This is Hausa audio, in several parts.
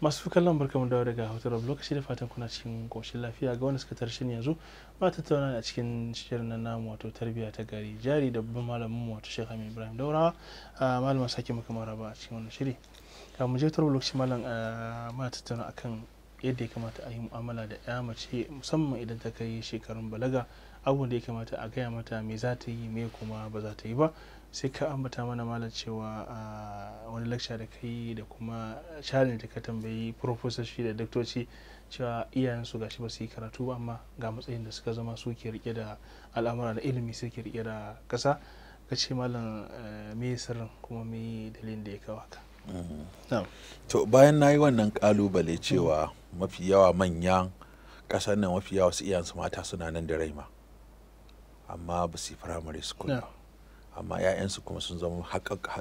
masu kallon barkamu da daga hotunan lokaci da fatan kuna cikin koshin lafiya ga wani suka tarshe ne yanzu ba tattauna a cikin shirin na namu wato tarbiyya ta gari jari da babban malamin mu wato shekha ibrahim daurawa a ah, malamin sake maka maraba a cikin wani shiri ga mu je tarbi lokaci malam ah, muna tattauna akan yadda ya kamata a yi mu'amala da ya mace musamman idan ta kai shekarun balaga abubuwan da ya kamata a gaya mata me za ta yi me kuma ba za ta yi ba sai ka ambata mana malam cewa a ah, wani lecture da ka yi da kuma shari'a da ka tambayi shi da daktoci cewa iyayensu gashi ba su yi karatu ba amma ga matsayin da suka zama su ke rike da al'amura da ilimi su ke rike da kasa ka ce malam eh, me sirrin kuma me dalilin da ya kawo ka. Mm-hmm. to bayan na yi wannan kalubale cewa mafi yawa manyan kasar nan mafi yawa su iyayensu mata suna nan da raima amma ba su yi primary school ba amma 'ya'yansu kuma sun zama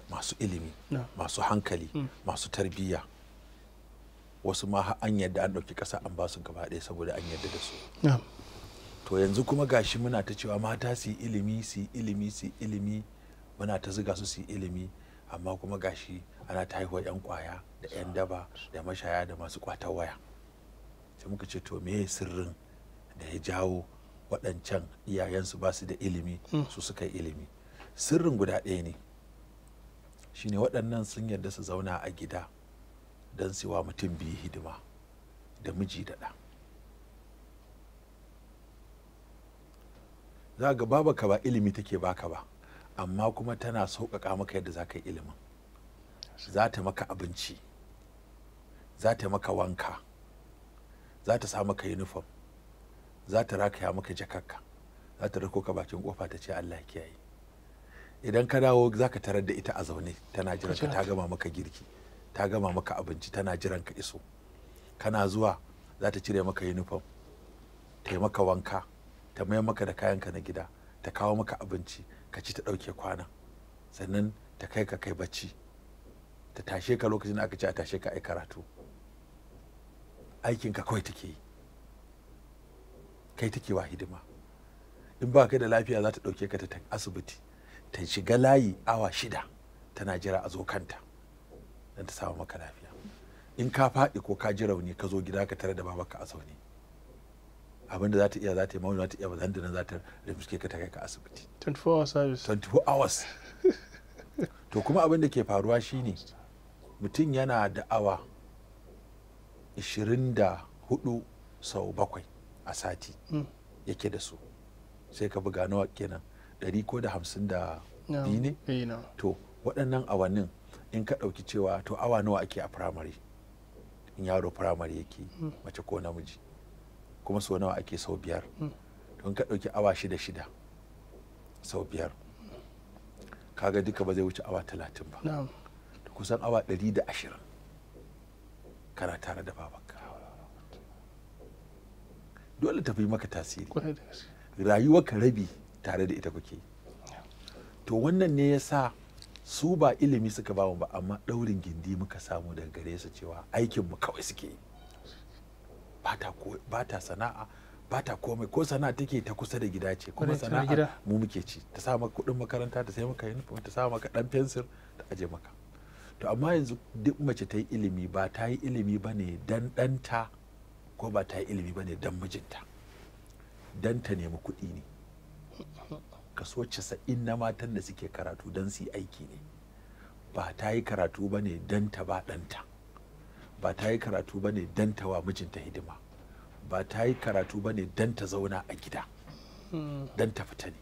masu ilimi masu hankali hmm. masu tarbiyya wasu ma an yadda an ɗauki ƙasa an basu gaba ɗaya saboda an yadda da su to yanzu kuma gashi muna ta cewa mata su ilimi su ilimi su ilimi muna ta ziga su su ilimi amma kuma gashi ana ta haihuwa 'yan kwaya da 'yan daba da mashaya da masu kwata waya sai muka ce to meye sirrin da ya jawo waɗancan iyayensu ba su da ilimi hmm. su suka yi ilimi sirrin guda ɗaya ne shine waɗannan sun yarda su zauna a gida don siwa mutum biyu hidima da miji da ɗa za ga ba ka ba ilimi take baka ba amma kuma tana sauƙaƙa maka yadda za ka yi ilimin za ta maka abinci za ta maka wanka za ta sa maka uniform za ta rakaya maka jakarka za ta rako ka bakin kofa ta ce allah kiyaye idan ka dawo za ka tarar da ita a zaune tana jiranka ta gama maka girki ta gama maka abinci tana jiran ka iso kana zuwa za ta cire maka uniform ta yi maka wanka ta mai maka da kayanka na gida ta kawo maka abinci ka ci ta ɗauke kwana sannan ta kai ka kai bacci ta tashe ka lokacin da aka ce a tashe ka ai karatu aikinka kawai take yi kai take wa hidima in ba kai da lafiya za ta ɗauke ka ta asibiti ta shiga layi awa shida tana jira a zo kanta don ta samu maka lafiya in ka faɗi ko ka ji rauni ka zo gida ka tare da babaka a zaune abin da za ta iya za ta yi mawuni za ta iya bazan da nan za ta rimske ka ta kai ka asibiti 24 hours service 24 hours to kuma abin da ke faruwa shine mutum yana da awa 24 sau bakwai a sati hmm. yake da su sai ka buga nawa kenan ɗari ko da hamsin da biyu ne eh, to waɗannan awannin in ka ɗauki cewa to awa nawa ake a firamare in yaro firamare yake hmm. mace ko namiji kuma so nawa ake sau biyar hmm. to in ka ɗauki awa shida shida sau biyar kaga duka ba zai wuce awa talatin ba To kusan awa ɗari da ashirin kana tare da babanka dole tafi maka tasiri rayuwarka rabi tare da ita kuke to wannan ne ya sa su ba ilimi suka bamu ba amma daurin gindi muka samu daga gare su cewa aikinmu kawai suke yi ba ta sana'a ba ta komai ko sana'a take ta kusa da gida ce kuma sana'a mu muke ci ta sa maka kudin makaranta ta sai maka uniform ta sa maka dan fensir ta aje maka to amma yanzu duk mace ta yi ilimi ba ta yi ilimi ba ne dan danta ko ba ta yi ilimi ba ne dan mijinta dan ta nemi kuɗi ne kaso casa'in na matan da suke karatu don su yi aiki ne ba ta yi karatu ba ne don ta ba ɗanta ba ta yi karatu ba ne don ta wa mijinta hidima ba ta yi karatu ba ne don ta zauna a gida don ta fita ne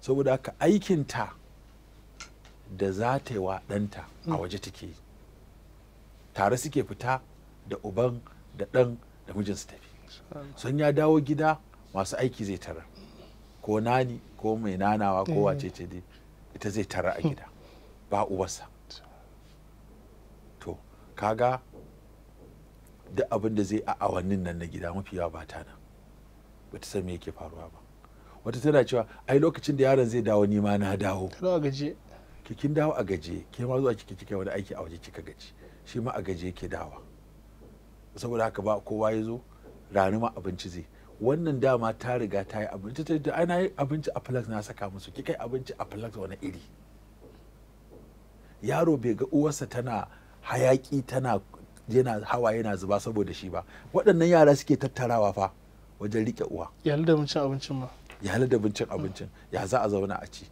saboda haka aikinta da za ta yi wa ɗanta a waje take yi tare suke fita da uban da ɗan da mijinsu tafi sun ya dawo gida masu aiki zai tarar ko nani ko mai nanawa ko eh. wace ce dai ita zai tara a hmm. gida ba uwarsa to kaga duk abin da zai a awannin nan na gida mafi yawa ba ta nan ba ta san me yake faruwa ba wata tana cewa ai lokacin da yaron zai dawo nima na dawo gaje kikin dawo a gaje ke ma zuwa kike kike wani aiki a waje kika gaji shi ma a gaje yake dawa saboda haka ba kowa ya zo ranuma ma abinci zai wannan dama ta riga ta yi abinci ta yi ana yi abinci a flax na saka musu ki kai abinci a flax wani iri yaro bai ga uwarsa tana hayaki tana yana hawa yana zuba saboda shi ba waɗannan yara suke tattarawa fa wajen riƙe uwa ya da abincin ma da abincin ya za a zauna a ci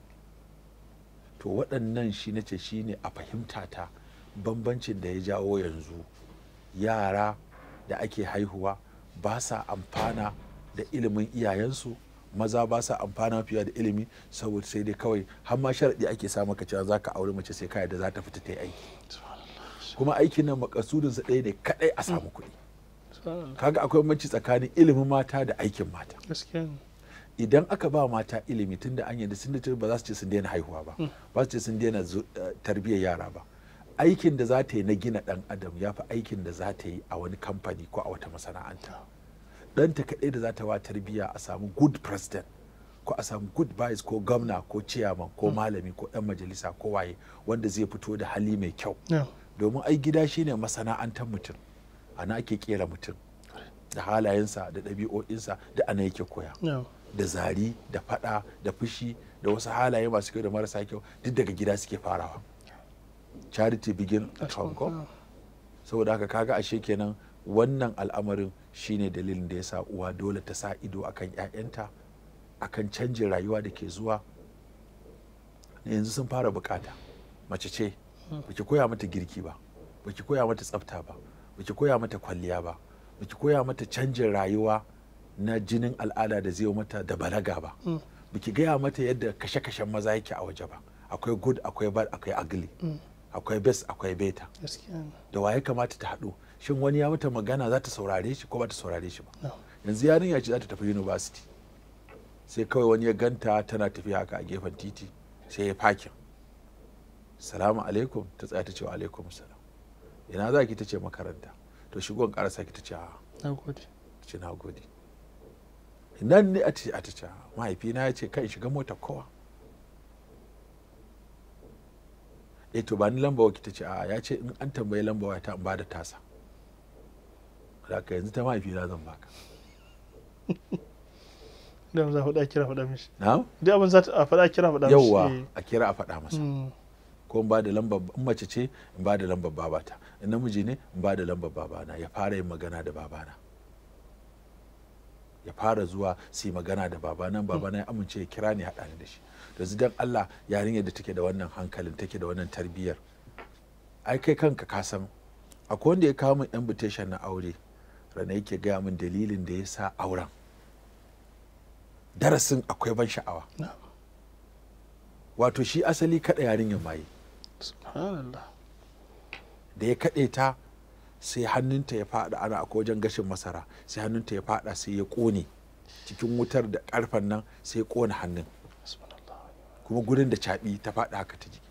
to waɗannan shi nace shi ne a fahimta ta bambancin da ya jawo yanzu yara da ake haihuwa ba sa amfana da ilimin iyayensu maza ba sa amfana fiye da ilimi saboda sai dai kawai har ma sharaɗi ake sa maka cewa za ka aure mace sai kaya da za ta fita ta yi aiki kuma aikin nan makasudinsa ɗaya ne kaɗai a samu kuɗi kaga akwai mace tsakanin ilimin mata da aikin mata idan aka ba mata ilimi tun da an yadda sun da ba za su ce sun daina haihuwa ba hmm. ba su ce sun daina eh, tarbiyyar yara ba aikin da za ta yi na gina ɗan adam ya fi aikin da za ta yi a wani kamfani ko a wata masana'anta ɗanta kaɗai da za ta wa tarbiyya a samu good president ko a samu good vice ko gwamna ko ciyama ko hmm. malami ko ɗan majalisa ko waye wanda zai fito da hali mai kyau domin ai gida shine masana'antar mutum ana ake kera mutum da halayensa da ɗabi'o'insa da ana yake koya da zari da fada da fushi da wasu halaye masu kyau da marasa kyau duk daga gida suke farawa charity begin at home saboda haka kaga ashe kenan wannan al'amarin shine dalilin da ya sa uwa dole ta sa ido akan 'ya'yanta kan canjin rayuwa da ke zuwa yanzu sun fara bukata mace ce baki koya mata girki ba baki koya mata tsafta ba baki koya mata kwalliya ba baki koya mata canjin rayuwa na jinin al'ada da zai mata da balaga ba baki gaya mata yadda kashe-kashen maza yake a waje ba akwai good akwai bad akwai ugly mm. akwai best akwai beta da waye kamata ta haɗu shin wani ya mata magana za ta saurare shi ko ba ta saurare shi ba yanzu yarinya ce za ta tafi university sai kawai wani ya ganta tana tafiya haka a gefen titi sai ya fakin salamu alaikum ta tsaya ta ce wa alaikum salam ina za ki ta ce makaranta to shigon karasa ki ta ce a ce na gode nan ne a ce a ta ce mahaifina ya ce kai shiga mota kowa e to ba ni lamba wa ki ta ce a ya ce in an tambayi lamba wa ta in ba da tasa haka yanzu ta mahaifina zan baka da za faɗa kira faɗa mishi na'am duk abin za a faɗa kira faɗa mishi yawa a kira a faɗa masa mm. ko in ba da lambar in mace ce in ba da lambar babata in namiji ne in ba da lambar babana ya fara yin magana da babana ya fara zuwa su yi magana da babana babana ya amince ya kira ni haɗa ni da shi yanzu dan Allah yarinyar da take da wannan hankalin take da wannan tarbiyyar ai kai kanka ka san akwai wanda ya kawo min invitation na aure sannan yake gaya min dalilin da ya sa auren darasin akwai ban sha'awa wato shi asali kaɗa yarinyar maye da ya kaɗe ta sai hannunta ya fada ana akwai wajen gashin masara sai hannunta ya fada sai ya kone cikin wutar da ƙarfen nan sai ya kone hannun kuma gurin da caɓi ta fada haka ta jiki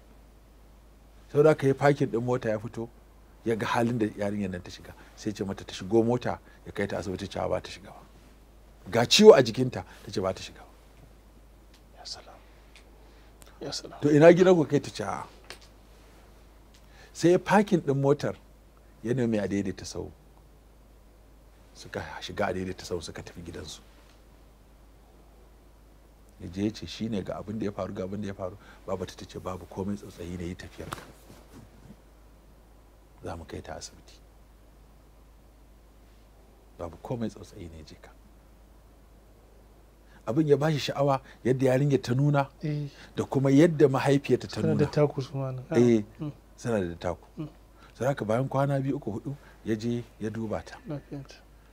sau da ka yi fakin din mota ya fito ya ga halin da yarinyar nan ta shiga sai ce mata ta shigo mota ya kai ta asibiti cewa ba ta shiga ba ga ciwo a jikinta ta ce ba ta shiga ba to ina gina ku kai ta ce sai ya fakin din motar ya nemi a daidaita sau suka shiga a daidaita sau suka tafi gidansu ya je ya ce shine ga abin da ya faru ga abin da ya faru babata ta ce babu komai tsatsayi ne yi tafiyar ka za mu kai ta asibiti babu komai tsautsayi ne jika abin ya bashi sha'awa yadda yarinya ta nuna eh. da kuma yadda mahaifiyarta ta nuna ah. eh hmm. suna da taku hmm. Saraka bayan kwana biyu uku hudu ya je ya duba ta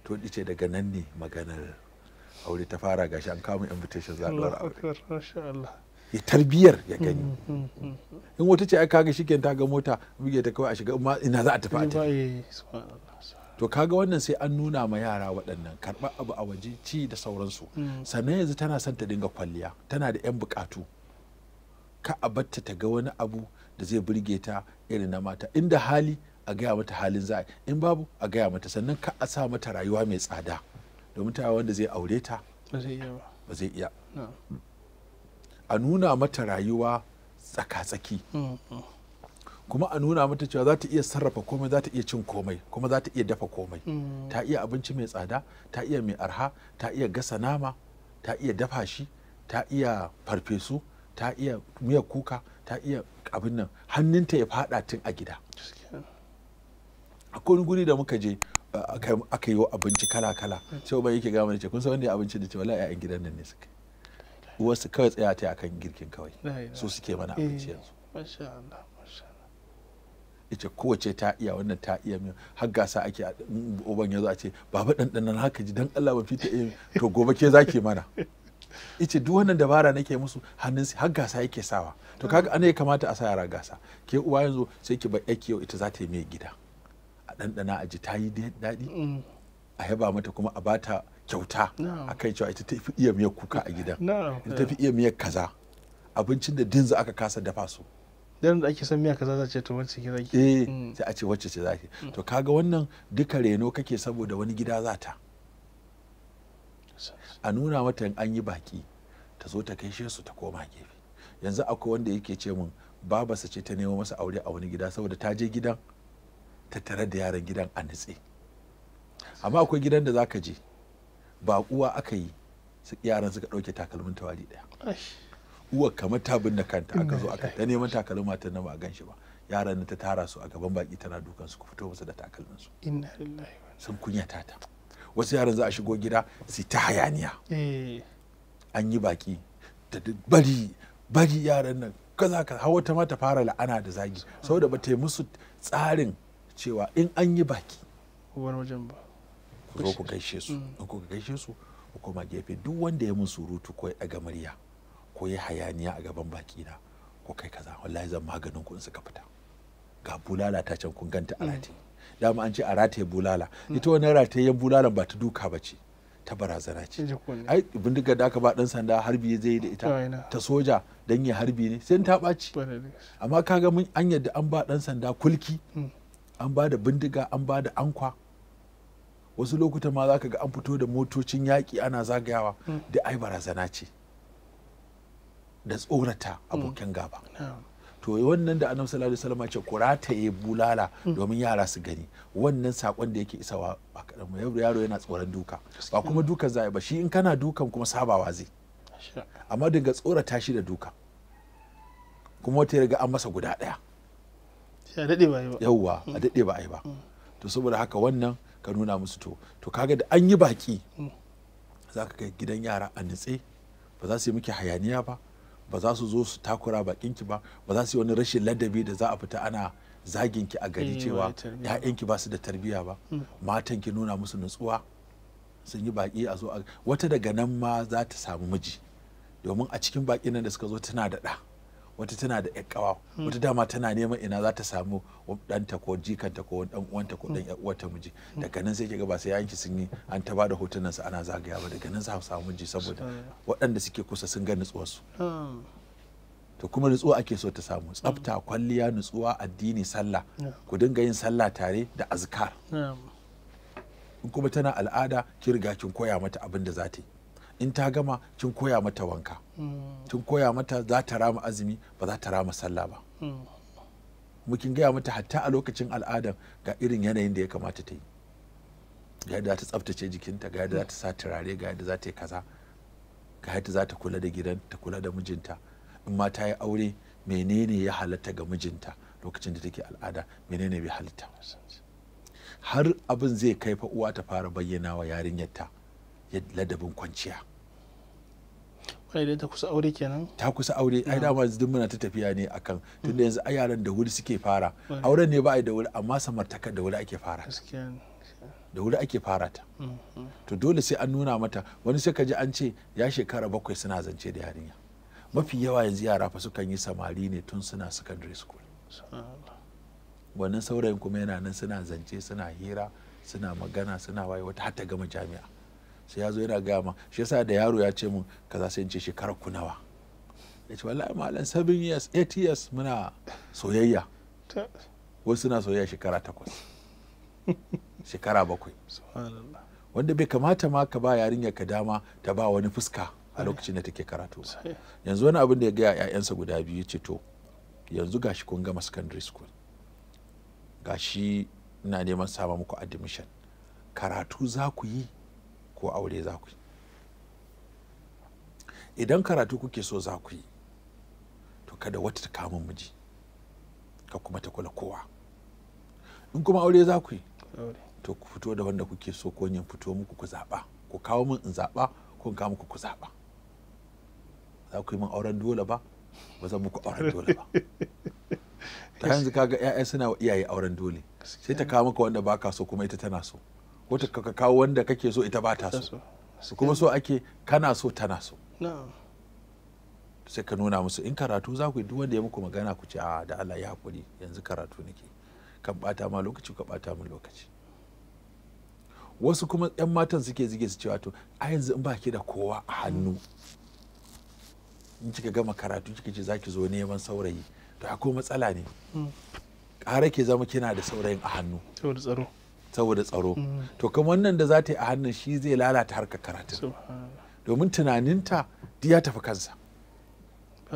to ce daga nan ne maganar aure ta fara gashi an kawo invitation za a aure ya tarbiyar ya gani mm, mm, mm, in wata ce ai kaga shiken ta ga mota muke ta kawai a shiga ina za a tafi a to kaga wannan sai an nuna ma yara waɗannan karɓar abu a waje ci da sauransu sannan yanzu tana son ta dinga kwalliya tana da 'yan bukatu ka a batta ta ga wani abu da zai burge ta irin na mata inda hali a gaya mata halin za in babu a gaya mata sannan ka a sa mata rayuwa mai tsada domin ta wanda zai aure ta ba zai iya ba zai iya a nuna mata rayuwa tsaka-tsaki kuma a nuna mata cewa za ta iya sarrafa komai za ta iya cin komai kuma za ta iya dafa komai mm. ta iya abinci mai tsada ta iya mai arha ta iya gasa nama ta iya dafa shi ta iya farfesu ta iya miyar kuka ta iya abin nan hannunta ya fada tun a gida akwai guri da muka je aka yi abinci kala-kala mm. sai ba yake gama da ce kun san wanda ya abinci da ce wala 'ya'yan gidan nan ne suke? wasu kawai tsaya ta kan girkin kawai su suke mana eh, abinci yanzu ita kowace ta iya wannan ta iya min har ake uban ya zo a ce baba ɗanɗanan haka ji dan Allah ban fita iya to gobe ke zaki mana ita duk wannan dabara nake musu hannun har gasa yake sawa to kaga ana ya kamata a sa yara gasa ke uwa yanzu sai ki bai yake yau ita za ta yi mai gida a ɗanɗana a ji ta yi daɗi mm. a yaba mata kuma a bata kyauta a kai cewa ita ta fi iya miyar kuka a gidan ita ta fi iya miyar kaza abincin da dinzu aka kasa dafa su dan da ake son miya kaza za ce to wacce ke zaki eh mm. sai a ce wacce ce zaki mm. to kaga wannan duka reno kake saboda wani gida za ta a nuna mata an yi baki ta zo ta kaishe su ta koma gefe yanzu akwai wanda yake ce min babarsa ce ta nemo masa aure a wani gida saboda ta je gidan ta tare da yaran gidan a nitse amma akwai gidan da zaka je ba uwa aka yi su yaran suka ɗauke takalmin tawari ɗaya uwa kamar ta binne kanta aka zo aka ta neman takalma ta na ba a ganshi ba yaran ta tara su a gaban baki tana dukan su ku fito musu da takalmin su inna lillahi sun kunyata ta wasu yaran za a shigo gida su ta hayaniya eh. an yi baki ta bari bari yaran nan kaza ka hawa ta ma fara la'ana da zagi saboda ba ta yi musu tsarin cewa in an yi baki wani wajen ba ku zo ku gaishe su mm. in ku gaishe su ku koma gefe duk wanda ya mun surutu ko ya daga murya ko ya hayaniya a gaban baki na ko kai kaza wallahi zan maganin ku in suka fita ga bulala ta can kun ganta a mm. rataye dama an ce a rataye bulala mm. ita wannan yan bulala ba ta duka ba ce ta barazana ce ai bindiga da aka ba dan sanda harbi zai yi da ita ta soja dan ya harbi ne sai ta baci. amma kaga mun an yadda an ba dan sanda kulki an ba da bindiga an ba da ankwa wasu lokuta ma za ka ga an fito da motocin yaƙi ana zagayawa hmm. da ai barazana ce da tsorata hmm. abokin gaba to wannan da annabi sallallahu alaihi wasallam ce kurata ya bulala hmm. domin yara su gani wannan sakon da yake isawa ba kadan yaro yana tsoron duka ba kuma dukan zai ba shi in kana dukan kuma sabawa zai amma daga tsorata shi da duka kuma wata riga an masa guda daya yawwa a daɗe ba a yi ba to saboda haka wannan ka nuna musu to to kaga da an yi baki za ka kai gidan yara a nitse ba za su yi miki hayaniya ba ba za su zo su takura bakinki ba ba za su yi wani rashin ladabi da za a fita ana zaginki a gari eh, cewa ‘ya'yanki ba su da tarbiyya ba hmm. matan ki nuna musu nutsuwa sun yi baƙi a zo wata daga nan ma za ta samu miji domin a cikin baƙi nan da suka zo tana da ɗa wata tana da yan wata dama tana neman ina za ta samu ɗanta ko jikanta ko ɗan uwanta ko ɗan uwata miji daga nan sai kiga ba sai yanki sun yi an ta bada hotunan su ana zagaya ba daga nan za samu miji saboda waɗanda suke kusa sun ga nutsuwarsu. su hmm. to kuma nutsuwa ake so ta samu tsafta hmm. kwalliya nutsuwa addini sallah hmm. ku dinga yin sallah tare da azkar in kuma tana al'ada ki riga kin koya mata abin da za ta yi in ta gama kin koya mata wanka kin koya mata za ta rama azumi ba za ta rama sallah ba mukin gaya mata hatta a lokacin al'adan ga irin yanayin da ya kamata ta yi ga yadda za ta tsaftace jikinta ga yadda za ta sa turare ga yadda za ta yi kaza ga yadda za ta kula da gidan ta kula da mijinta in ma ta yi aure menene ya halatta ga mijinta lokacin da take al'ada menene bai halitta har abin zai kai fa uwa ta fara bayyana wa yarinyarta ladabin kwanciya kai ta kusa aure kenan ta kusa aure ai dama duk muna ta tafiya ne akan tunda yanzu ai yaran da wuri suke fara auren ne ba ai da wuri amma samartaka da wuri ake fara da wuri ake fara ta mm-hmm. to dole sai an nuna mata wani sai ka an ce ya shekara bakwai suna zance da yarinya mafi yawa yanzu yara fa sukan yi samari ne tun suna secondary school wannan saurayin kuma yana nan suna zance suna hira suna magana suna waye wata har ta gama jami'a sai ya zo yana gaya ma shi yasa da yaro ya ce mun kaza sai in ce shekarar ku nawa ya ce wallahi malam 7 years 8 years muna soyayya wasu suna soyayya shekara takwas shekara bakwai wanda bai kamata ma ka ba yarinya ka dama ta ba wani fuska a lokacin da take karatu yanzu wani abin da ya gaya ‘ya'yansa guda biyu ce to yanzu gashi kun gama secondary school gashi ina neman sama muku admission karatu za ku yi ko aure za ku yi idan karatu kuke so za ku yi to kada wata ta kamun miji ka kuma ta kula kowa in kuma aure za ku yi to ku fito da wanda kuke so ko yin fito muku ku zaɓa ku kawo min in zaɓa ko in kawo muku ku zaɓa za ku yi min auren dole ba ba zan muku auren dole ba ta yanzu kaga 'ya'ya suna iyaye auren dole sai ta kawo maka wanda baka so kuma ita tana so ko ta kawo wanda kake so ita ba ta so kuma so ake kana so tana so sai ka nuna musu in karatu za ku yi duk wanda ya muku magana ku ce a da Allah ya hakuri yanzu karatu nake kan bata ma lokaci ka bata min lokaci wasu kuma yan matan suke zige su cewa to a yanzu in baki da kowa a hannu in kika gama karatu kika ce zaki zo neman saurayi to akwai matsala ne mm. ƙara ke zama kina da saurayin a hannu da tsaro saboda tsaro mm. to kuma wannan da za ta yi a hannun shi zai lalata harkar karatun domin tunaninta duk ya tafi kansa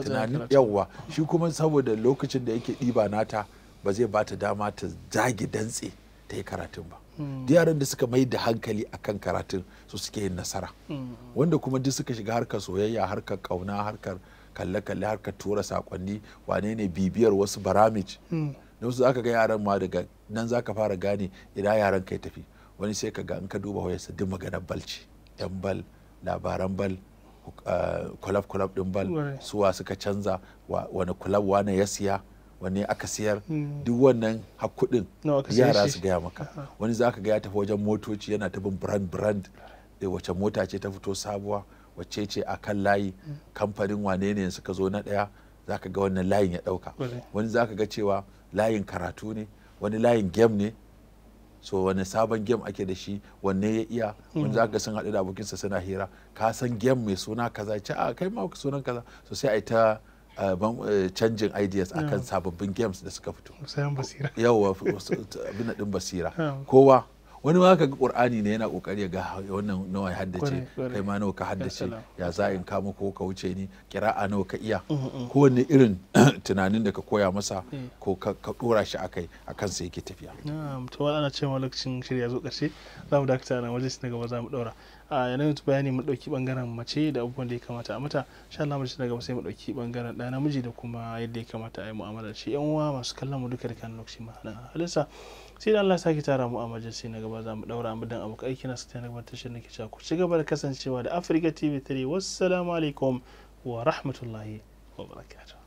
tunanin yawwa shi kuma saboda lokacin da yake ɗiba nata ba zai bata dama ta zage dantse ta yi karatun ba mm. yaran da suka mai da hankali a kan karatun su suke yin nasara mm. wanda kuma duk suka shiga harkar soyayya harkar kauna harkar kalle-kalle harkar tura sakonni wane ne bibiyar wasu baramij da wasu zaka ga yaran ma daga nan zaka fara gane idan yaran kai tafi wani sai ka ga in ka duba wayarsa duk maganar balci yan bal labaran bal kulab kulab din bal suwa suka canza wani kulab wane ya siya wani aka siyar hmm. duk wannan hakudin yara su gaya maka wani zaka ga ya tafi wajen motoci yana ta bin brand brand wace mota ce ta fito sabuwa wacce ce a kan layi hmm. kamfanin wane ne suka zo na daya zaka ga wannan layin ya dauka wani zaka ga cewa layin karatu ne wani layin game ne so wani sabon game ake da shi wanne ya iya wani za ga sun haɗu da abokinsa suna hira ka san game mai suna kaza ce a ah, kai ma sunan kaza so sai a yi ta canjin eh, eh, ideas akan sababbin games da suka fito yawa abin basira kowa wani ma ga qur'ani ne yana kokari ga wannan nawa haddace kai ma nawa ka haddace ya za in ka ko ka wuce ni kira a nawa ka iya mm, mm, mm. ko wani irin tunanin da ka koya masa eh. ko ka dora shi akai akan sai yake tafiya na'am to ana cewa lokacin shirya zo karshe za mu dakata nan waje na gaba za mu daura a yanayin bayani mu ɗauki ɓangaren mace da abubuwan da ya kamata a mata sha Allah mace daga sai mu ɗauki bangaren ɗa namiji da kuma yadda ya kamata a yi mu'amalar shi yan uwa masu kallon mu duka da kan lokaci ma na halinsa sai da Allah sake tara mu a majalisi na gaba za mu ɗaura mu dan abokai aiki na su ta gaba tashar nake cewa ku ci gaba da kasancewa da Africa TV 3 wassalamu alaikum wa rahmatullahi wa barakatuh